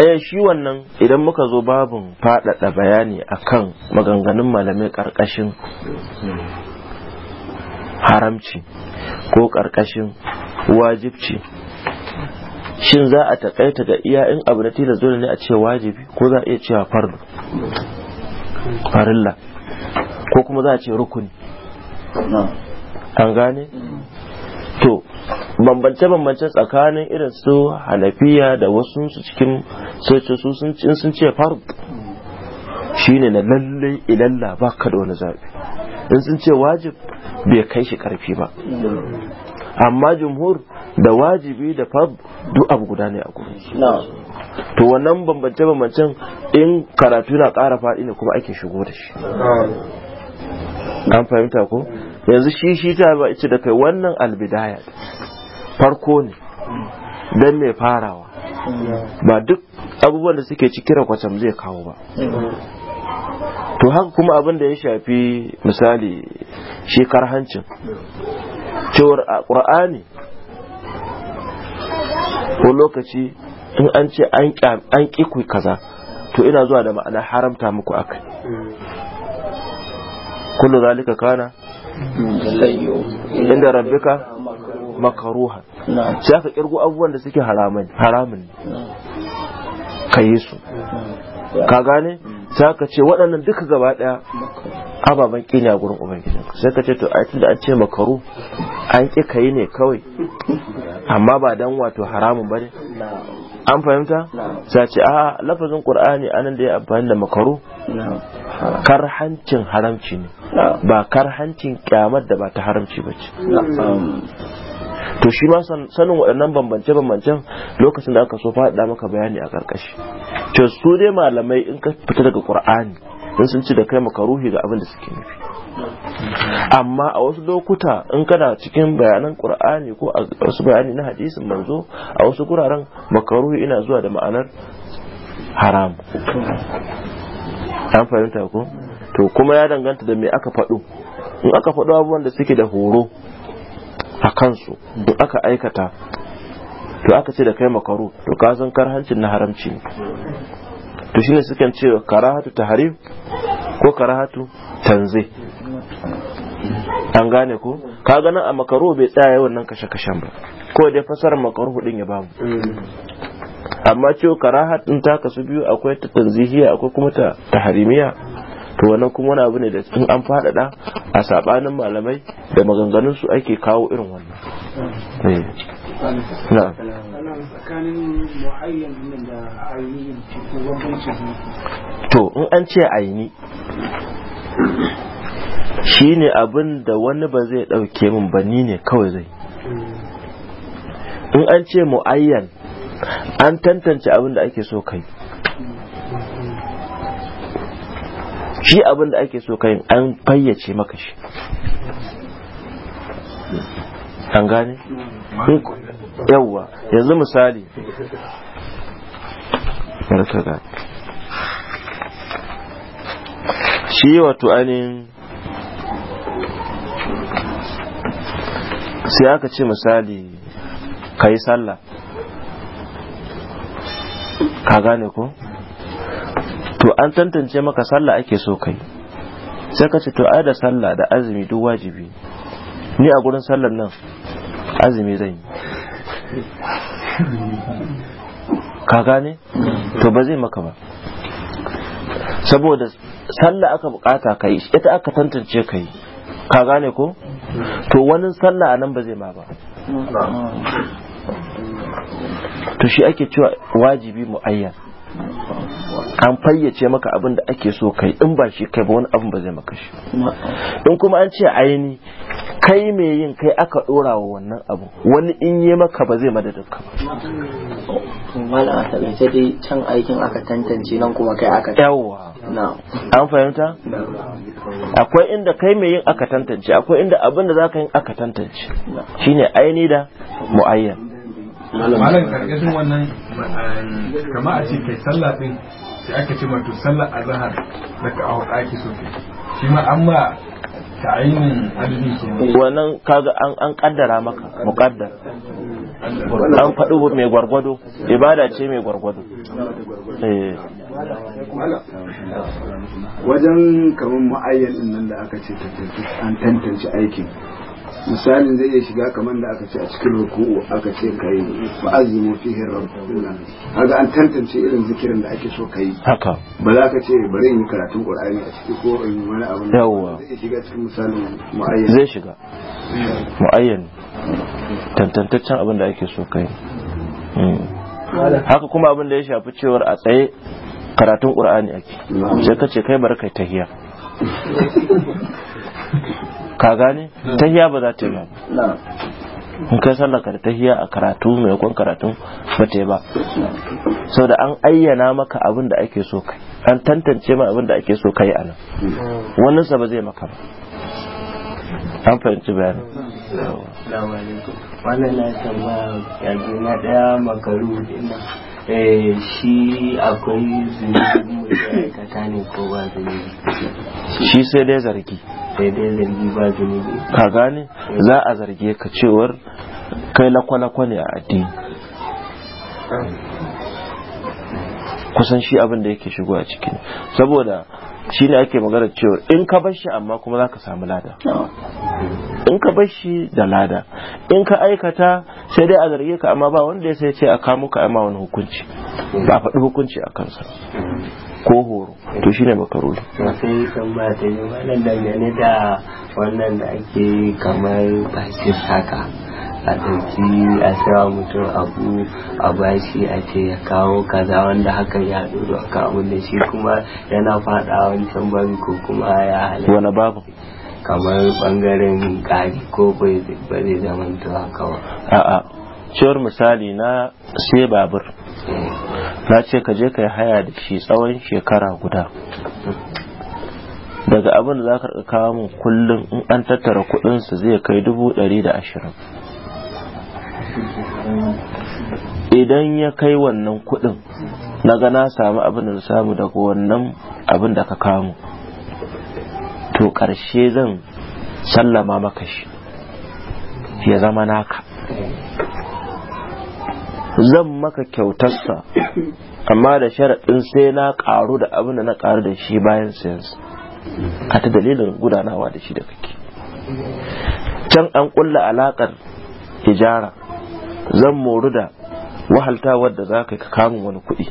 eh shi wannan idan muka zo babin faɗaɗa bayani akan maganganun malamai ƙarƙashin haramci ko ƙarƙashin wajibci shin za a taƙaita ga iya in abu na tilas dole ne a ce wajibi ko za a iya cewa fardu farilla ko kuma za a ce rukuni an gane to bambance-bambance tsakanin irin su halafiya da wasu su cikin soce su sun ce shi shine na lalle ilalla ba ka da wani zaɓi in sun ce wajib bai kai shi ƙarfi ba amma jumhur da wajibi da fab duk abu guda ne a gurin to wannan bambance-bambancen in karatu na ƙara faɗi ne kuma ake shigo da
shi
an fahimta ko yanzu shi shi ta ba ita da kai wannan albidaya farko ne don mai farawa ba duk abubuwan da suke cikin mu zai kawo ba to haka kuma abin da ya shafi misali shi karhancin cewar a ƙura'ani ko lokaci in an ce an ƙi kaza to ina zuwa da ma'ana haramta muku akai kullu zalika kana inda rabbika makaruha sai aka kirgo abubuwan da suke haramun haramun ka yi su ka gane sai ka ce waɗannan duka gaba ɗaya ababen ƙi a gurin ubangijin sai ka ce to ai tunda an ce makaru an ka yi ne kawai amma ba dan wato haramun ba ne an fahimta sai ce a lafazin qur'ani anan da ya amfani da makaru Kar karhancin haramci ne ba karhancin kyamar da ba ta haramci ba ce to shi ma sanin waɗannan bambance-bambancen lokacin da aka so faɗa maka bayani a ƙarƙashi to su dai malamai in ka fita daga ƙur'ani in sun ci da kai maka ruhi ga abin da suke nufi amma a wasu lokuta in kana cikin bayanan ƙur'ani ko a wasu bayani na hadisin manzo a wasu guraren maka ruhi ina zuwa da ma'anar haram an fahimta ko to kuma ya danganta da me aka faɗo in aka faɗo abubuwan da suke da horo a kansu duk aka aikata to aka ce da kai makaru to ka san karhancin na haramci ne to shine suke cewa karahatu tahrim ko karahatu tanze. an gane ko ka ganin a makaru bai tsaya yawan nan kashe-kashen ba ko dai fasar makaru hudin ya bamu amma cewa karaha din ta kasu biyu akwai ta tanzihiya akwai kuma ta taharimiya to wannan kuma wani abu ne da in an faɗaɗa a sabanin malamai da maganganun su ake kawo irin wannan eh. na to in an ce aini shi ne abin da wani ba zai ɗauke min ba ni ne kawai zai in an ce mu'ayyan an tantance abin da ake so kai shi abin da ake so kai an fayyace maka shi an gane yauwa yanzu misali shi wato ainihin sai aka ce misali ka yi sallah ka gane ko to an tantance maka sallah ake so kai sai ka ce to ai da sallah da azumi duk wajibi ni a gurin sallar nan azumi zan yi ka gane to ba zai maka ba saboda sallah aka bukata ka yi ita aka tantance ka yi ka gane ko to wani sallah a nan ba zai ma ba to shi ake cewa wajibi mu'ayyan an fayyace maka abin da ake so kai in ba shi kai ba wani abin ba zai maka shi in kuma an ce aini kai me yin kai aka dora wa wannan abu wani in yi maka ba zai madadin ka ba mala a taƙaice dai can aikin aka tantance nan kuma kai aka yawwa an fahimta akwai inda kai me yin aka tantance akwai inda abin da zaka yin aka tantance shine aini da mu'ayyan
malam karkashin wannan kama a ce kai sallah din sai aka ce mato sallah a zahar daga a hudu
ake soke shi ma an ma ta ainihin adadin ke wannan kaga an kaddara maka mukaddar an faɗi mai gwargwado ibada ce mai gwargwado eh. wajen kamar ma'ayyan nan da aka ce an tantance aikin misalin zai iya shiga kamar da aka ce a cikin ruku'u aka ce ka yi ba azimu fihin rabbuna kaga an tantance irin zikirin da ake so ka yi haka ba za ka ce bari in yi karatun qur'ani a ciki ko in wani abu yawwa zai shiga cikin misalin muayyan zai shiga muayyan tantantaccen abin da ake so ka yi hmm. haka kuma abin da ya shafi cewar a tsaye karatun qur'ani ake sai ka ce kai barkai kai tahiya ka gane hmm. tahiya ba za ta yi ba hmm. in kai sallaka da tahiya a karatu mai kwan karatu ba ta yi ba sau da an ayyana maka abin da ake so kai an tantance ma abin da ake so kai a nan
hmm.
wannan sa ba zai maka ba an fahimci bayanin
wannan na tambaya ya na daya makaru dinnan Eh, shi akwai zunubi ne ko ba zunubi
shi sai dai zargi sai dai zargi ba zunubi ka gane za a zarge ka cewar kai lakwalakwa ne a addini ah. kusan shi abin da yake shigo a cikin saboda shi ne ake magana cewa in ka bar amma kuma za ka samu lada in ka bar da lada in ka aikata sai dai a zarge ka amma ba wanda ya sai ce a kamo ka amma wani hukunci ba faɗi hukunci a kansa ko horo to shi ne makaroli sai ba yi wannan dangane da wannan da ake kamar bakin saka a ɗauki a sawa mutum abu a bashi a ce ya kawo kaza wanda haka ya ɗoro a kawo da shi kuma yana faɗa wancan bari ko kuma ya halatta wani babu kamar bangaren ƙari ko bai zai zama haka ba a'a cewar misali na sai babur eh. na ce ka je ka yi haya da shi tsawon shekara guda daga abin da za ka kawo min kullum in an tattara su zai kai dubu ɗari da ashirin idan ya kai wannan kuɗin na ga na samu abin da samu daga wannan abin da ka kamu to karshe zan sallama maka shi ya zama naka zan maka kyautarsa amma da sharaɗin sai na ƙaru da abin da na ƙaru da shi bayan sayansa a ta dalilin gudanawa da shi da kake can an ƙulla alaƙar ijara zan moru da wahalta wadda za ka kamun wani kuɗi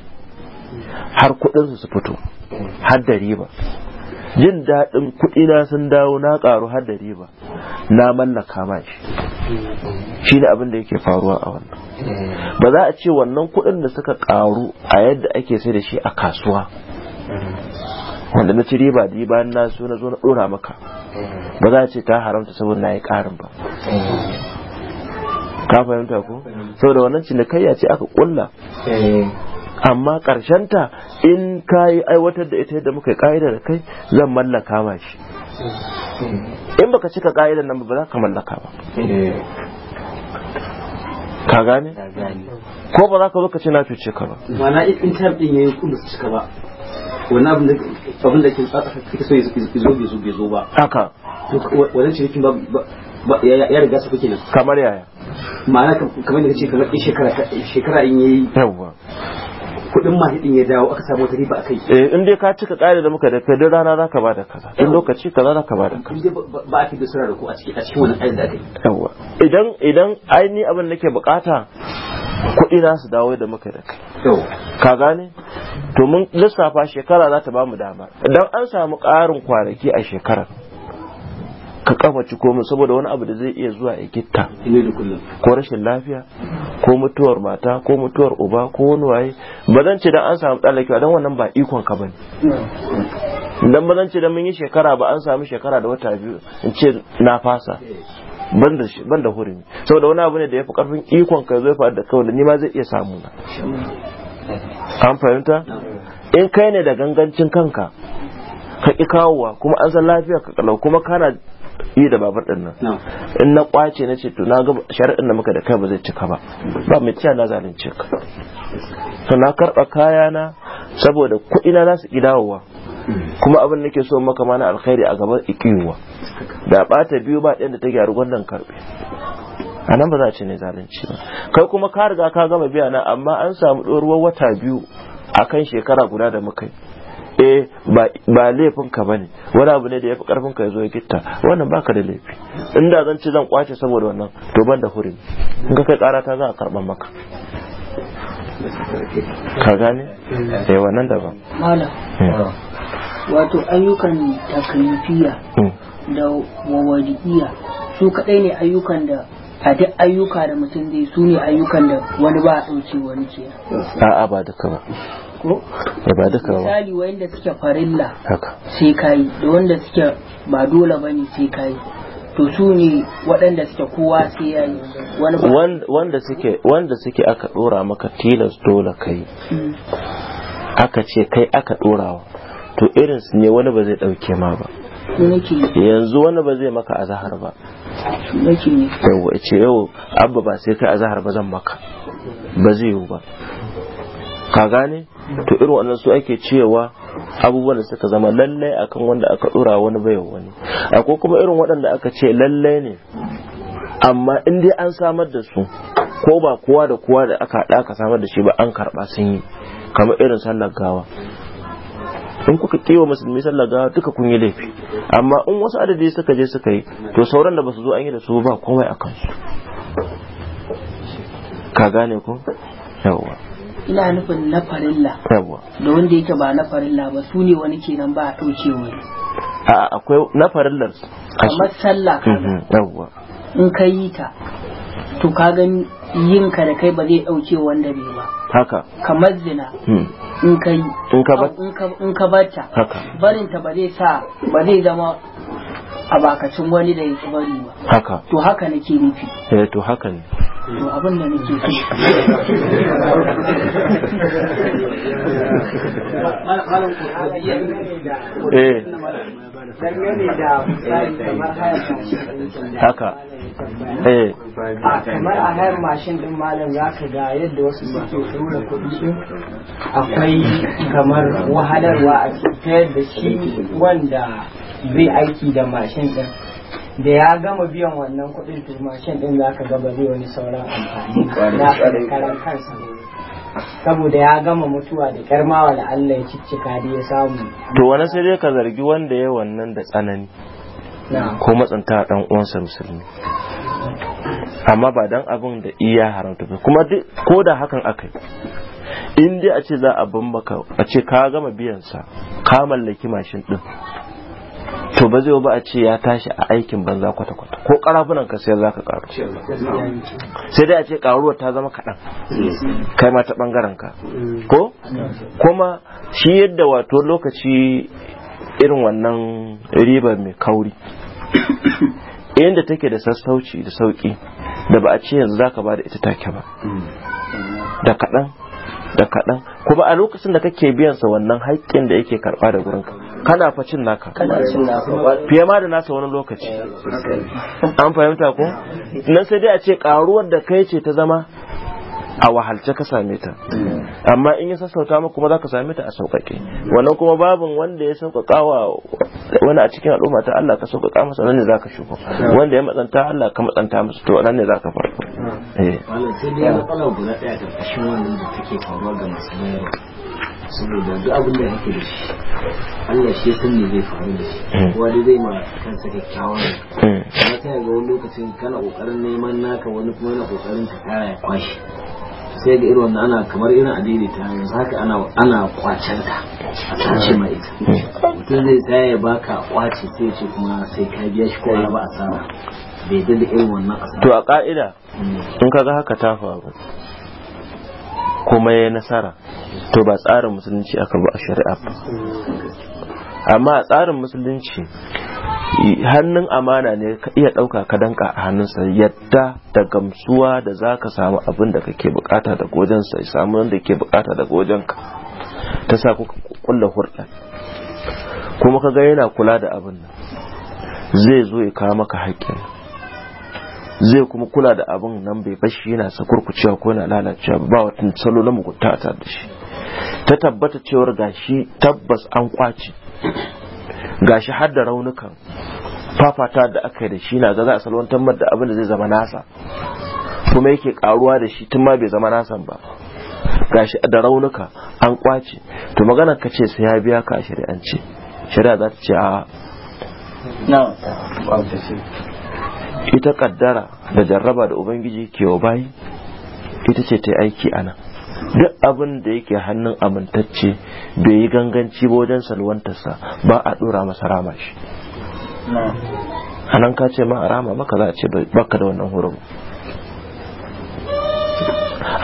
har kuɗinsu su fito har da riba jin daɗin kuɗina sun dawo na ƙaru har da riba na mallaka kama shi shi ne abin da yake faruwa a wannan ba za a ce wannan kuɗin da suka ƙaru a yadda ake sai da shi a kasuwa wanda na ci riba da bayan na so na zo na ɗora maka ba za a ce ta haramta saboda na yi ƙarin ba ka fahimta ko saboda wannan cinikayya ce aka kulla eh. amma ta in ka yi aiwatar da ita yadda muka yi ka'ida da kai zan mallaka ma shi eh. in baka cika ka'idan nan ba za ka mallaka ba eh. ka gane ko ba za ka zo ka ce na cuce ka ba mana in tabin yayin kullu su cika ba wani abin da abin da ke tsaka kake so ya zo bai zo ba haka wannan cikin ba ya riga su kuke nan kamar yaya ma'ana kamar da ce kamar shekara in yayi yawwa kudin mahidin ya dawo aka samu riba a kai eh in dai ka cika kare da muka da kai rana zaka ba da kaza in lokaci kaza zaka ba da kaza ba a kike sura da ku a cikin a cikin wannan ayat da kai yawa idan idan aini ni abin nake bukata kuɗi na su dawo da muka da kai ka gane to mun lissafa shekara za ta ba mu dama idan an samu ƙarin kwanaki a shekarar ka ci komai saboda wani abu da zai iya zuwa ya gitta ko rashin lafiya ko mutuwar mata ko mutuwar uba ko wani waye ba zan ce dan an samu tsallakewa dan wannan ba ikon ka bane dan ba zan ce dan mun yi shekara ba an samu shekara da wata biyu in ce na fasa banda shi banda hurumi saboda wani abu ne da ya fi karfin ikon ka zai faru da kawai da ni ma zai iya samu na an fahimta in kai ne da gangancin kanka ka ki kawowa kuma an san lafiya ka kalau kuma kana yi da babar din nan in na kwace na ce to na ga shari'in da muka da kai ba zai cika ba ba mai cewa na zalunce ka to na karɓa kayana saboda kuɗina za su ƙi kuma abin nake so maka mana alkhairi a gaban ikiwa da bata biyu ba ɗayan da ta gyaru gwandan karbe a nan ba za a ce ne zalunci ba kai kuma ka riga ka gama biya na amma an samu ɗoruwar wata biyu akan shekara guda da muka yi eh ba laifin ka bane wani abu ne da ya fi karfin ka zo ya gitta wannan baka da laifi inda zan ci zan kwace saboda wannan to ban da hurin in ka kai kara ta za a karba maka ka gane eh wannan daban eh.
wato ayyukan takalifiya hmm. da wawadiya su kadai ne ayyukan da a duk ayyuka da mutum zai su ne ayyukan da wani ba a ɗauke wani ke a'a ba duka ba ko
ba duka ba misali
wanda suke farilla sai kai da wanda suke ba dole bane sai kai to su ne waɗanda suke kowa sai ya yi
wanda suke wanda suke aka ɗora maka tilas dole kai mm. aka ce kai aka ɗorawa to irinsu ne wani ba zai ɗauke ma ba yanzu wani ba zai maka azahar ba yawa ce yau abba ba sai kai azahar ba zan maka ba zai yiwu ba ka gane to irin wannan su ake cewa abubuwan da suka zama lallai akan wanda aka ɗora wani bayan wani akwai kuma irin waɗanda aka ce lallai ne amma in dai an samar da su ko ba kowa da kowa da aka haɗa aka samar da shi ba an karɓa sun yi kamar irin sallar gawa in kuka kewa musulmi sallah ga duka kun yi laifi amma in wasu adadi suka je suka yi to sauran da ba su zo an yi da su ba komai a kansu ka gane ko yawwa
ina nufin na farilla yawwa da wanda yake ba na farilla ba su ne wani kenan ba a ɗauke wani
a akwai na farillar amma
sallah kaza
mhm, yawwa
in ka yi ta to ka gani yin ka da kai ba zai ɗauke wanda bai ba haka kamar zina hmm. in ka yi in ka barta barin ta ba zai sa ba zai zama a bakacin wani da ya ci bari ba haka to haka nake nufi
eh to haka ne
to abin da nake so eh haka eh kamar a hayar
mashin din malam za ka ga yadda wasu suke tura kuɗi din akwai kamar wahalarwa a ta yadda shi wanda zai aiki da mashin din da ya gama biyan wannan kuɗin to mashin din za ka gaba zai wani sauran amfani na karan kansa saboda ya gama mutuwa da karmawa da Allah ya ciccika da ya samu to wani sai dai ka zargi wanda ya wannan da tsanani ko matsanta dan uwansa musulmi amma ba dan abin da iya haramta ba kuma ko da hakan aka yi in dai a ce za a bambaka a ce ka gama biyan sa ka mallaki mashin ɗin. to ba zai ba a ce ya tashi a aikin banza kwata-kwata ko karafunan ka za zaka karu sai dai a ce karuwar ta zama kaɗan kai ma ta bangaren ka ko kuma shi yadda wato lokaci irin wannan riba mai kauri inda take da sassauci da sauki da ba a ce yanzu zaka ba da ita take ba da kaɗan da kaɗan kuma a lokacin da kake biyan sa wannan haƙƙin da yake karɓa da ka. kana facin naka fiye ma da nasa wani lokaci eh, an fahimta ko eh. nan sai dai a ce karuwar da kai ce ta zama a wahalce ka same ta hmm. amma in yi sassauta ma kuma za ka same ta a sauƙaƙe wannan kuma babin wanda ya sauƙaƙa wa wani a cikin al'umma ta Allah ka sauƙaƙa masa nan ne za ka shuka hmm. wanda ya matsanta Allah ka matsanta masa to nan ne za ka farko. Wannan hmm. eh.
sai dai ɗaya masu saboda duk abin da yake da shi Allah shi san me zai faru da
shi hmm. kowa dai zai ma kansa kyakkyawa ne hmm. amma sai ga wani lokacin kana kokarin neman naka wani kuma yana kokarin ka kara ya kwashi sai ga irin wannan ana kamar irin adini ta yanzu haka ana ana kwacen ta a sace mai ita hmm. mutum zai tsaya ya baka kwace sai ce kuma sai ka biya shi ko ba asara bai da irin wannan asara to a ka'ida in kaga haka ta faru kuma ya nasara to ba tsarin musulunci aka ba a shari'a ba amma a tsarin musulunci hannun amana ne ka iya ɗauka ka danka a hannunsa yadda da gamsuwa da za ka samu abin da kake bukata daga wajensa ya samu wanda ke bukata daga wajenka ta sa kuka kulla hurɗa kuma ka ga yana kula da abin nan zai zo ya kawo maka haƙƙin zai kuma kula da abin nan bai bashi yana sakurkucewa ko yana lalacewa ba wata salo na mugunta a da shi ta tabbata cewar gashi tabbas an kwace gashi har da raunukan fafata da aka yi da shi na za a salwantar da abin da zai zama nasa kuma yake karuwa da shi tun ma bai zama nasan ba gashi da raunuka an kwace to magana ka ce sai ya biya ka a shari'ance shari'a za ta ce a ita kaddara da jarraba da ubangiji ke bayi ita ce ta aiki ana duk abin da yake hannun amintacce bai yi ganganci ba wajen salwantarsa ba a dora masa rama shi anan ka ce ma a rama maka za a ce baka da wannan hurum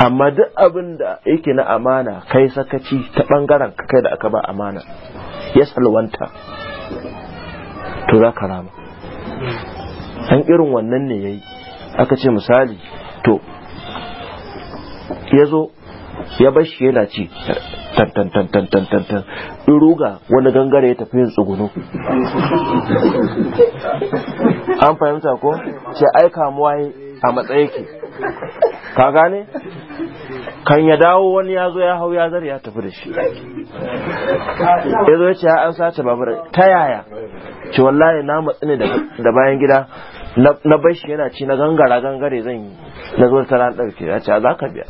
amma duk abin da yake na amana kai sakaci ta bangaren kai da aka ba amana ya salwanta to za ka rama an irin wannan ne ya yi aka ce misali to ya zo ya bar shi yana ci tantantantantantantan ruga wani gangare ya tafi yin tsugunu an fahimta ko ce ai a matsayi ka kan ya dawo wani ya zo ya hau ya ya tafi da shi ya zo ya ce an sace babura ta yaya ce wallahi na da bayan gida na shi yana ci na gangara gangare zan yi na zo tara ɗauke ya ce za ka biya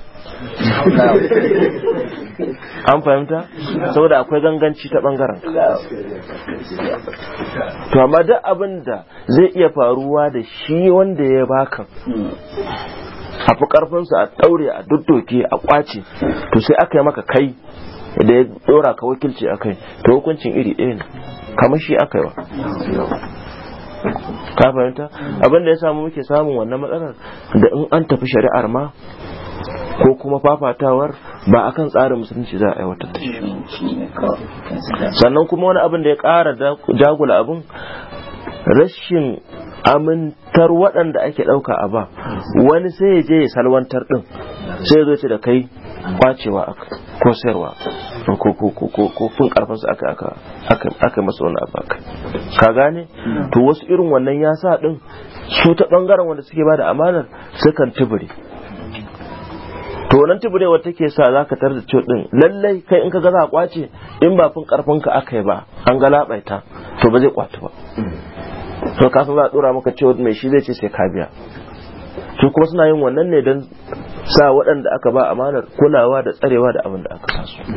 an fahimta saboda akwai ganganci ta ɓangaren to amma duk abin da zai iya faruwa da shi wanda ya baka a fi ƙarfinsu a ɗaure a duddoke a ƙwace to sai aka yi maka kai da ya ɗora ka wakilci a kai to hukuncin iri ɗaya ne kamar shi aka yi wa ka fahimta abin da ya samu muke samun wannan matsalar da in an tafi shari'ar ma ko kuma fafatawar ba a kan tsarin musulunci za a aiwatar da sannan kuma wani abin da ya ƙara jagula abin rashin amintar waɗanda ake ɗauka a ba wani sai ya je ya salwantar ɗin sai ya zo da kai kwacewa ko sayarwa ko karfin su aka masa wani abu ka gane to wasu irin wannan ya sa din su ta bangaren wanda suke ba da amanar sukan tibiri to nan wata ke sa zaka ka tar da cewa din lallai kai in ka ga za a kwace in ba fin ka aka yi ba an ga labaita to ba zai kwatu ba to ka san za a dora maka cewa mai shi zai ce sai ka biya su kuma suna yin wannan ne don sa waɗanda aka ba amanar kulawa da tsarewa da abin da
aka sa